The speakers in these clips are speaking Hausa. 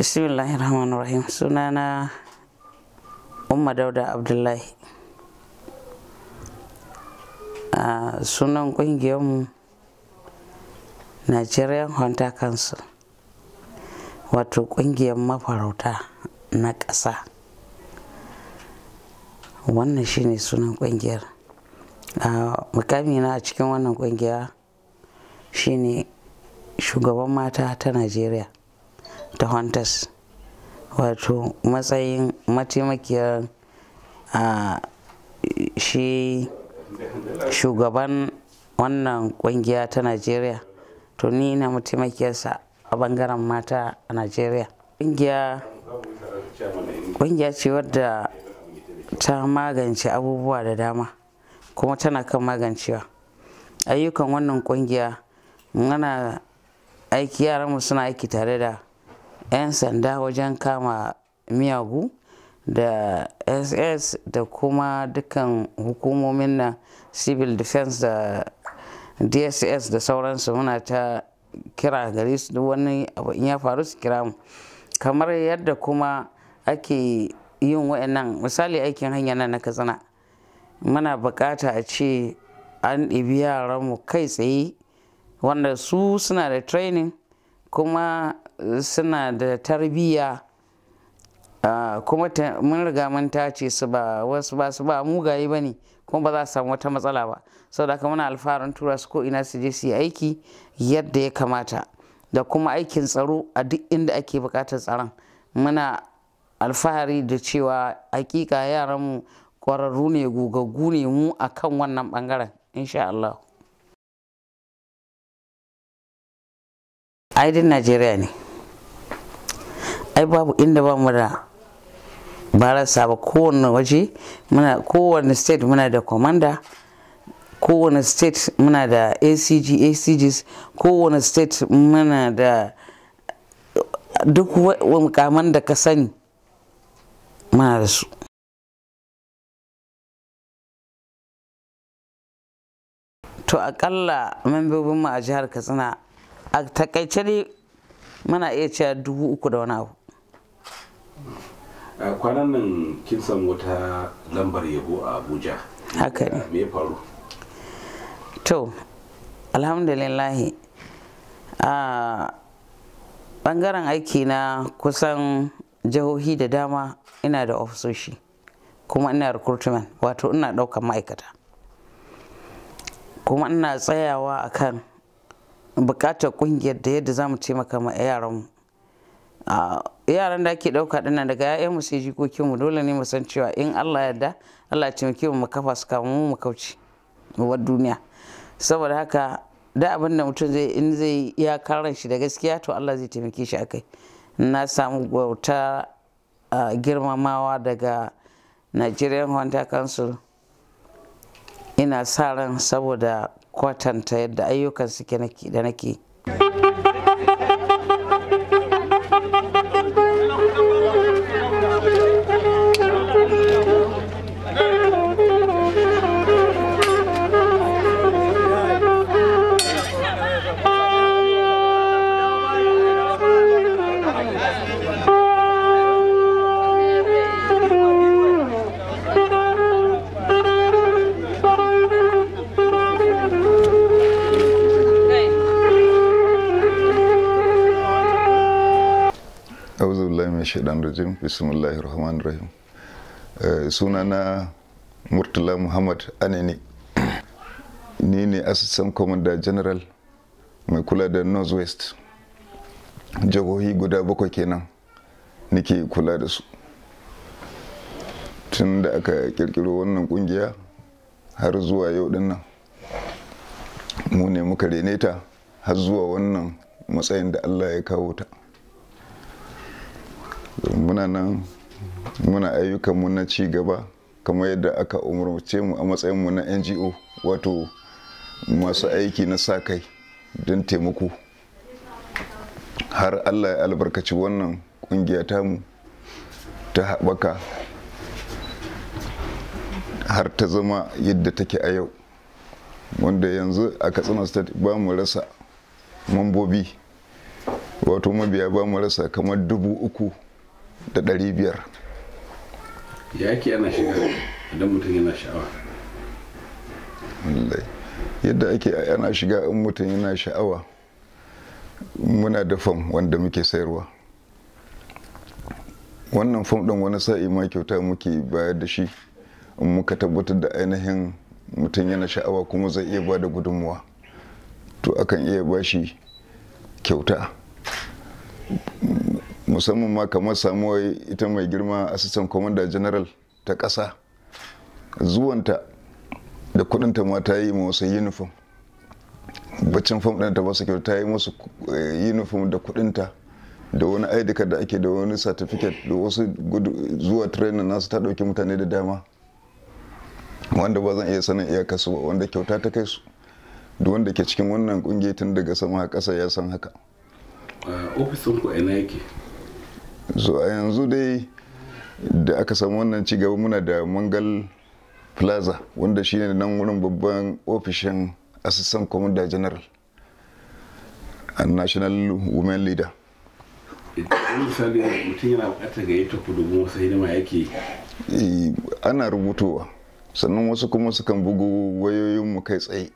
bismillahi rahman rahim sunana umma dauda abdullahi a sunan kungiyarmu nigerian hunter council wato kungiyar mafarauta na ƙasa wannan shine sunan kungiyar mukamina a cikin wannan kungiya shine shugaban mata ta najeriya ta Hunters wato matsayin mataimakiyar a shi shugaban wannan kungiya ta Najeriya to ni na mataimakiyarsa a bangaren mata a Najeriya. Kungiya ce wadda ta magance abubuwa da dama kuma tana kan magancewa. Ayyukan wannan kungiya muna aiki yaranmu suna aiki tare da 'yan sanda wajen kama miyagu da ss da kuma dukkan hukumomin nan civil defense da dss da sauransu muna ta kira gari su wani abu in ya faru su kira mu kamar yadda kuma ake yin wa'annan misali aikin hanya nan na katsina muna bukata a ce an ɗibi yaranmu kai tsaye wanda su suna da training kuma suna da tarbiyya ah, kuma mun riga mun tace su ba wasu ba su ba mugaye ba ne kuma ba za su samu wata matsala ba saboda haka muna alfaharin tura su ko ina su je su yi aiki yadda ya kamata da kuma aikin tsaro a duk inda ake bukatar tsaron muna alfahari da cewa hakika mu ƙwararru ne gugaggu ne mu kan wannan bangaren insha Allah. aidin najeriya ne ai babu inda ba mu da barasa ba kowane waje muna kowane state muna da commander kowane state muna da acg acgs kowane state muna da duk mukaman da ka sani muna da su to akalla membobinmu a jihar katsina a takaice dai muna iya cewa dubu uku da wani abu kwanan nan kin samu wata lambar yabo a abuja haka ne me faru to alhamdulillahi a bangaren aiki na kusan jihohi da dama ina da ofisoshi kuma ina recruitment wato ina ɗaukar ma'aikata kuma ina tsayawa akan bukatar kungiyar da yadda za mu taimaka ma yaranmu yaran da ake ɗauka dana daga mu sai mu dole ne mu san cewa in Allah yarda Allah ya taimake mu kafa su kamu mu kauce wa duniya saboda haka da abin da mutum zai in zai ya karan shi da gaskiya to Allah zai taimake shi akai na samu bauta girmamawa daga Nigerian Hunter Council ina sa ran saboda kwatanta yadda ayyukan suke da nake shaidan rajim bismillahir rahmanir rahim eh, sunana murtala muhammad anene ni ne assistant commander general mai kula da West, jihohi guda bakwai kenan nike kula da su tun da aka kirkiro wannan kungiya har zuwa yau dinnan mu ne muka rene har zuwa wannan matsayin da allah ya kawo ta muna nan muna ayyukanmu na ci gaba kamar yadda aka umarce mu a matsayinmu na ngo wato masu aiki na sa kai don taimako har allah ya albarkaci wannan kungiya tamu ta haɓaka har ta zama yadda take a yau wanda yanzu a katsina state ba mu rasa mambobi wato mabiya ba mu rasa kamar dubu uku da ɗari biyar ya ke ana shiga idan mutum yana sha'awa yadda ake ana shiga in mutum yana sha'awa muna da fam wanda muke sayarwa wannan fam ɗin wani sa'i ma kyauta muke bayar da shi in muka tabbatar da ainihin mutum yana sha'awa kuma zai iya ba da gudunmuwa to akan iya ba shi kyauta musamman ma kamar samuwar ita mai girma assistant commander general ta ƙasa zuwanta da kudinta ma ta yi masa uniform baccin fam ɗin ta basu kyau ta yi musu eh, uniform da kudinta da wani aidika da ake da wani certificate da wasu zuwa training nasu ta ɗauki mutane da dama wanda ba zan iya sanin iyakarsu ba wanda kyauta ta kai su da wanda ke cikin wannan kungiyar tun daga sama ƙasa ya san haka ofisin ku ina yake so a yanzu dai da aka samu wannan cigaba muna da mangal plaza wanda shine nan wurin babban ofishin assistant commander general a national women leader eh, ana rubutowa sannan wasu kuma sukan bugu wayoyinmu kai tsaye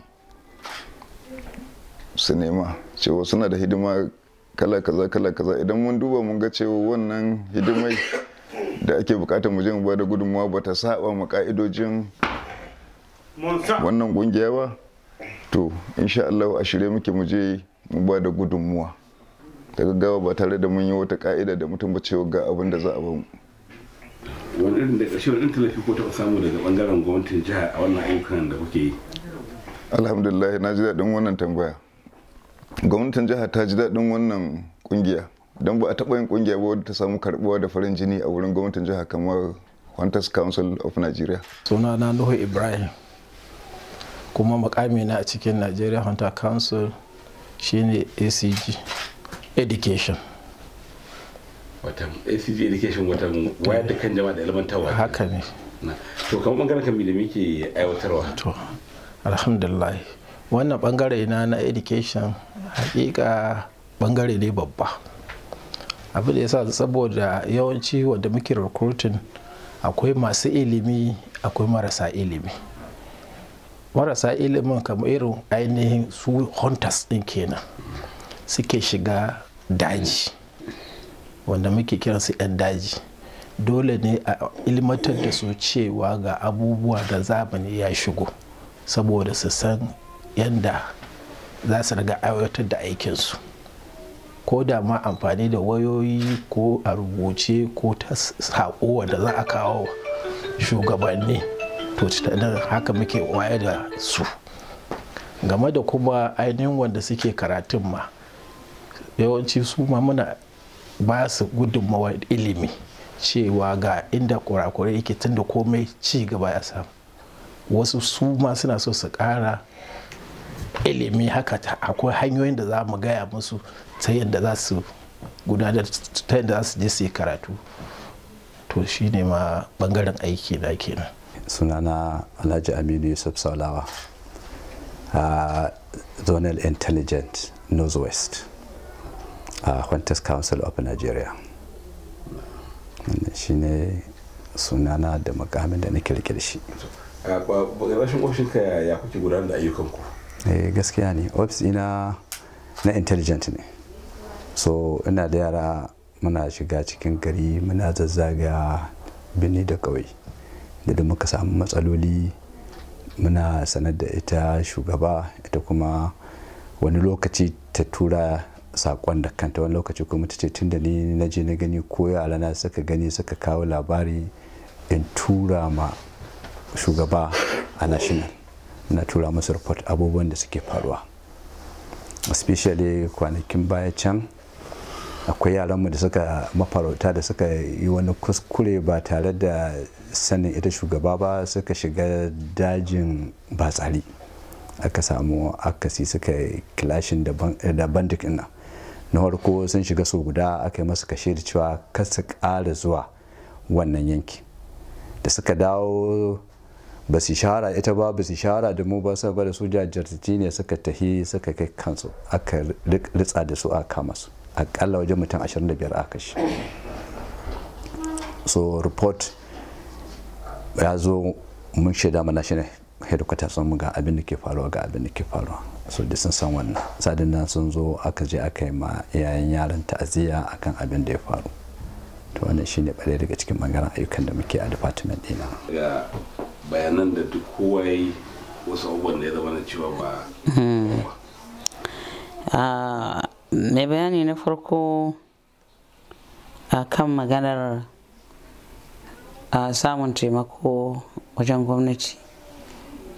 su nema cewa suna da hidima kala kaza kala kaza idan mun duba mun ga cewa wannan hidimai da ake bukatar mu je mu bada ba bata saba mu ka'idojin wannan kungiya ba to insha Allah a shirye muke mu je mu bada gudunmawa ta gaggawa ba tare da mun yi wata ka'ida da mutum ba cewa ga abin da za a bamu wani irin da ƙarshe wani talafi ko taɓa samu daga bangaren gwamnatin jiha a wannan ayyukan da kuke yi alhamdulillah na ji daɗin wannan tambaya gwamnatin jihar ta ji daɗin wannan kungiya don ba a taɓa yin kungiya ba ta samu karɓuwa da farin jini a wurin gwamnatin jihar kamar hunters council of nigeria suna na nuhu ibrahim kuma makami na a cikin nigeria hunter council shine acg education Wata acg education wata wayar da kan jama'a da ilmantarwa haka ne to kamar bangaren kan da muke aiwatarwa to alhamdulillah wannan bangare na na education hakika bangare ne babba abu da yasa saboda yawanci wanda muke recruiting akwai masu ilimi akwai marasa ilimi marasa ilimin kamar irin ainihin su hunters din kenan suke shiga daji wanda muke kiransu 'yan daji dole ne a ilmantar da su cewa ga abubuwa da zamani ya shigo saboda su san yadda za su riga aiwatar da aikinsu ko da ma amfani da wayoyi ko a rubuce ko ta saƙo wanda za a kawo shugabanni to nan haka muke waye da su game da kuma ainihin wanda suke karatun ma yawanci su ma muna ba su gudunmawa ilimi cewa ga inda kurakurai yake tunda komai ci gaba ya samu wasu su ma suna so su ƙara ilimi haka akwai hanyoyin da za mu gaya musu ta yadda za su gudanar ta yadda za su je su yi karatu to shi ne ma bangaren aiki na kenan sunana alhaji aminu yusuf saulawa a zonal intelligent northwest a hunters council of nigeria shi ne sunana da makamin da na rike da shi rashin ka ya kuke gudanar da ayyukanku eh gaskiya ne ofis ina na intelligent ne so ina da yara muna shiga cikin gari muna zazzaga birni da kawai da da muka samu matsaloli muna sanar da ita shugaba ita kuma wani lokaci ta tura sakon da kanta wani lokaci kuma ta ce tun da ni na je na gani ko yara na suka gani suka kawo labari in tura ma shugaba a national na tura musu report abubuwan da suke faruwa especially kwanakin baya can akwai yaranmu da suka mafarauta da suka yi wani kuskure ba tare da sanin ita shugaba ba suka shiga dajin batsari aka samu akasi suka kilashin da bandik ina na farko sun shiga so guda aka yi masu kashe da cewa kasa ƙara zuwa wannan yanki da suka dawo ba su shara ita ba ba su shara da mu ba saboda su jajirci ne suka tahi suka kai kansu aka ritsa da su a kama su akalla wajen mutum 25 aka shi so report ya zo mun shaida mana shi ne headquarter sun mu ga abin da ke faruwa ga abin da ke faruwa so da sun san wannan sadin nan sun zo aka je aka yi ma iyayen yaran ta'aziyya akan abin da ya faru to wannan shine bare daga cikin bangaren ayyukan da muke a department dina bayanan da duk kowa ya yi wasu abubuwan da ya zama na cewa ba hmm. ah, mai bayani na farko a kan maganar ah, samun taimako wajen gwamnati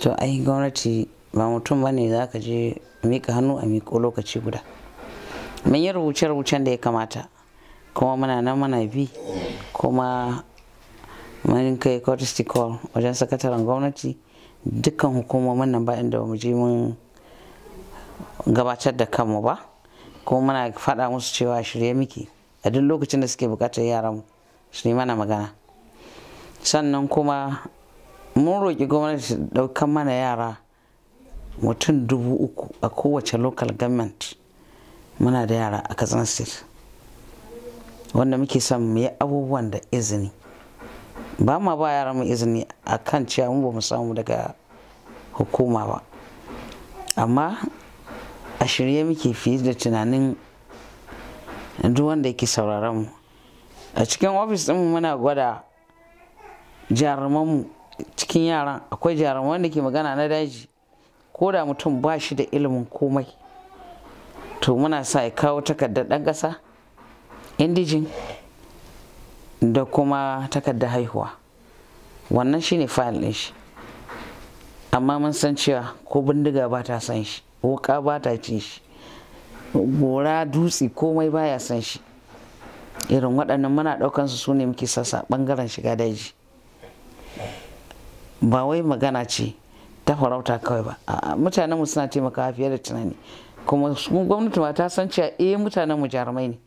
to ai gwamnati ba mutum ba ne za ka je mika hannu a miko lokaci guda mun yi rubuce-rubucen da ya kamata kuma muna nan mana bi kuma manin kai courtesy call wajen sakataren gwamnati dukkan hukumomin nan bayan da mu je mun gabatar da kanmu ba kuma muna faɗa musu cewa shirya miki a duk lokacin da suke bukatar yaran su yi mana magana sannan kuma mun roƙi gwamnati ɗaukan mana yara mutum dubu uku a kowace local government muna da yara a katsina state wanda muke son mu yi abubuwan da izini ba ma ba yaran mu izini a kan cewa mu ba mu samu daga hukuma ba amma a shirye muke fiye da tunanin duk wanda yake sauraron mu a cikin ofis ɗin muna gwada jarumanmu cikin yaran akwai jaruman wanda ke magana na daji ko da mutum ba shi da ilimin komai to muna sa ya kawo takardar ɗan ƙasa indijin da kuma takardar haihuwa wannan shine fayil ɗin shi amma mun san cewa ko bindiga ba ta san shi wuka ba ta cin shi gora dutse komai baya san shi irin waɗannan muna ɗaukan su ne muke sassa ɓangaren shiga daji ba wai magana ce ta farauta kawai ba mutanenmu suna taimakawa fiye da tunani kuma gwamnati ma ta san cewa eh mutanenmu jarumai ne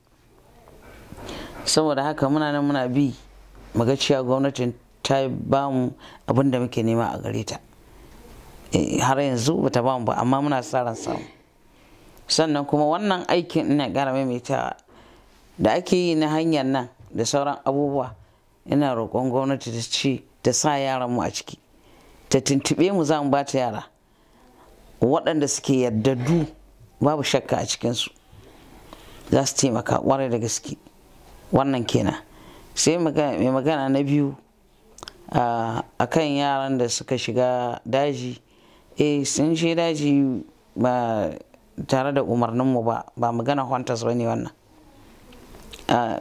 saboda haka muna nan muna bi muga cewa gwamnatin ta ba mu abin da muke nema a gare ta eh, har yanzu bata ba mu ba amma muna sa samu sannan kuma wannan aikin ina gara maimaitawa da ake yi na hanyar nan da sauran abubuwa ina roƙon gwamnati ta ce ta sa yaran mu a ciki ta tuntuɓe mu za mu ba yara waɗanda suke yardaddu babu shakka a cikinsu za su taimaka ƙwarai da gaske wannan kenan sai mai magana na biyu a kan yaran da suka shiga daji e sun shi daji ba tare da umarninmu ba ba magana hunters ba ne wannan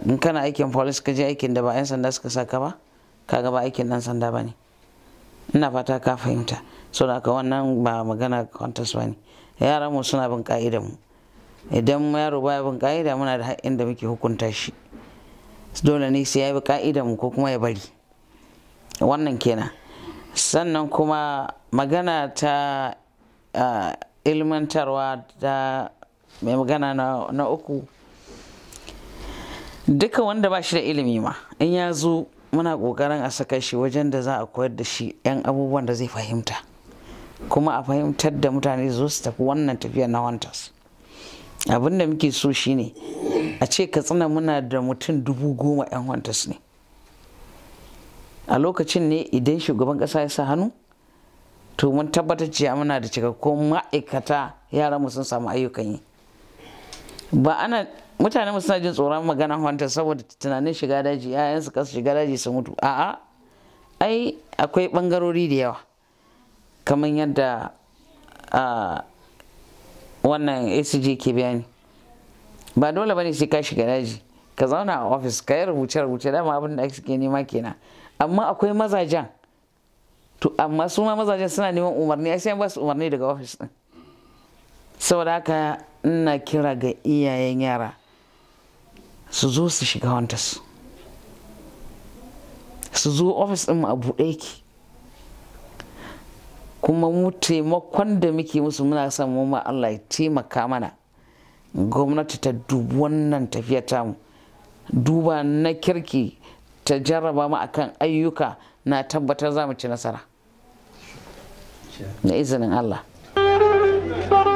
in kana aikin police ka je aikin da ba 'yan sanda suka saka ba ka gaba aikin dan sanda ba ne ina fata ka fahimta so da wannan ba magana hunters ba ne Yaranmu suna bin mu idan yaro baya bin ka'ida muna da haƙƙin da muke hukunta shi dole ne sai ya bi ka'idar mu ko kuma ya bari wannan kenan sannan kuma magana ta ilmantarwa da mai magana na uku duka wanda ba shi da ilimi ma in ya zo muna ƙoƙarin a saka shi wajen da za a koyar da shi 'yan abubuwan da zai fahimta kuma a fahimtar da mutane zo su tafi wannan tafiya na wantas abin da muke so shine a ce katsina muna da mutum dubu goma 'yan hantas ne a lokacin ne idan shugaban kasa ya sa hannu to mun tabbatar cewa muna da cikakkun ma'aikata yaran mu sun samu ayyukan yi ba ana mutane mu suna jin tsoron magana hantar saboda tunanin shiga daji yayan su kasu shiga daji su mutu a'a ai akwai bangarori da yawa kamar yadda ah, wannan acg ke bayani ba dole bane sai ka shiga daji ka zauna a ofis ka yi rubuce rubuce dama abin da ake nema kenan amma akwai mazajen to amma su ma mazajen suna neman umarni a sai ba su umarni daga ofis din saboda haka ina kira ga iyayen yara su zo su shiga wantas su zo ofis din mu a buɗe ki kuma mu taimakon da muke musu muna son mu ma Allah ya taimaka mana gwamnati ta dubi wannan tafiya mu duba na kirki ta jarraba mu akan ayyuka na tabbatar za mu ci nasara da izinin Allah.